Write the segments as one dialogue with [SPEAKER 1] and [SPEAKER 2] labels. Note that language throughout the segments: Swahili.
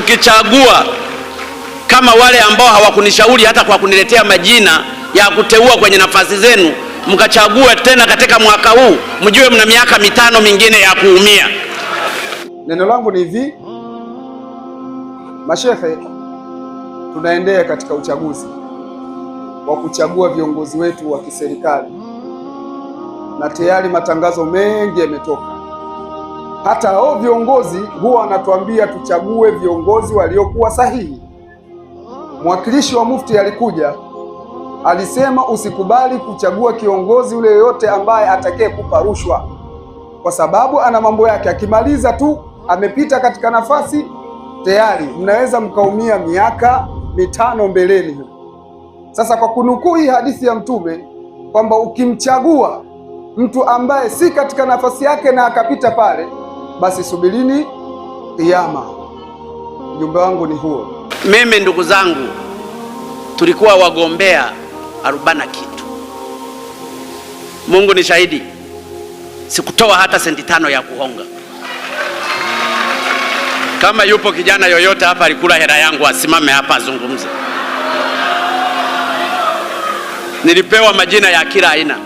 [SPEAKER 1] mkichagua kama wale ambao hawakunishauri hata kwa kuniletea majina ya kuteua kwenye nafasi zenu, mkachagua tena katika mwaka huu, mjue mna miaka mitano mingine ya kuumia.
[SPEAKER 2] Neno langu ni hivi, mashehe, tunaendea katika uchaguzi wa kuchagua viongozi wetu wa kiserikali na tayari matangazo mengi yametoka. Hata hao viongozi huwa wanatuambia tuchague viongozi waliokuwa sahihi. Mwakilishi wa Mufti alikuja alisema, usikubali kuchagua kiongozi yule yoyote ambaye kupa rushwa, kwa sababu ana mambo yake. Akimaliza tu amepita katika nafasi tayari, mnaweza mkaumia miaka mitano mbeleni. Sasa kwa kunukuu hii hadithi ya Mtume kwamba ukimchagua mtu ambaye si katika nafasi yake na akapita pale basi subirini iama Ujumbe wangu ni huo.
[SPEAKER 1] Mimi ndugu zangu, tulikuwa wagombea arobaini na kitu. Mungu ni shahidi, sikutoa hata senti tano ya kuhonga. Kama yupo kijana yoyote hapa alikula hela yangu, asimame hapa azungumze. Nilipewa majina ya kila aina,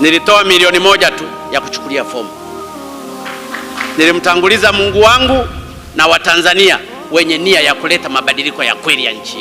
[SPEAKER 1] nilitoa milioni moja tu ya kuchukulia fomu nilimtanguliza Mungu wangu na Watanzania wenye nia ya kuleta mabadiliko ya kweli ya nchi.